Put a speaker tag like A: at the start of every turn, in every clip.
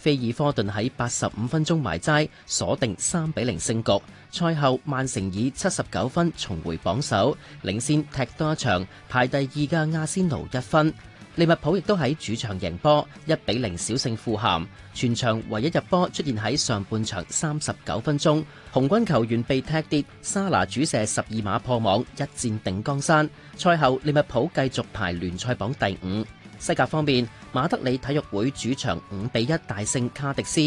A: 菲爾科頓喺八十五分鐘埋齋，鎖定三比零勝局。賽後，曼城以七十九分重回榜首，領先踢多一場、排第二嘅阿仙奴一分。利物浦亦都喺主場贏波，一比零小勝富咸。全場唯一入波出現喺上半場三十九分鐘，紅軍球員被踢跌。沙拿主射十二碼破網，一戰定江山。賽後，利物浦繼續排聯賽榜第五。西甲方面。馬德里體育會主場五比一大勝卡迪斯，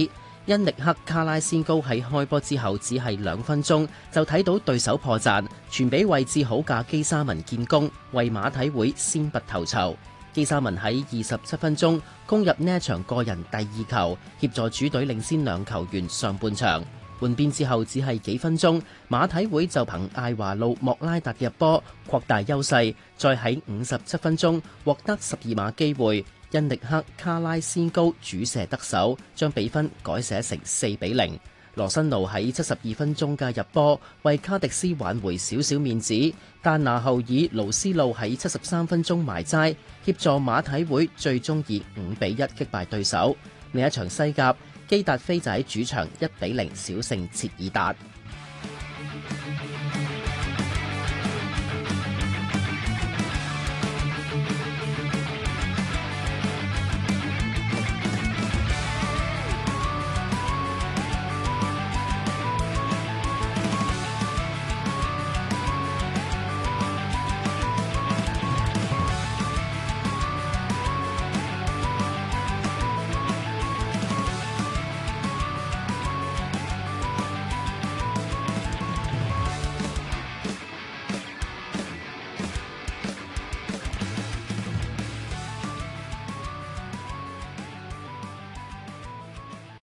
A: 因力克卡拉先高喺開波之後只係兩分鐘就睇到對手破綻，傳俾位置好嘅基沙文建功，為馬體會先拔頭籌。基沙文喺二十七分鐘攻入呢場個人第二球，協助主隊領先兩球員上半場。換邊之後只係幾分鐘，馬體會就憑艾華路莫拉達入波擴大優勢，再喺五十七分鐘獲得十二碼機會。恩力克卡拉先高主射得手，將比分改寫成四比零。羅辛奴喺七十二分鐘嘅入波，為卡迪斯挽回少少面子。但拿后以盧斯路喺七十三分鐘埋齋，協助馬體會最終以五比一擊敗對手。另一場西甲，基達菲仔主場一比零小勝切爾達。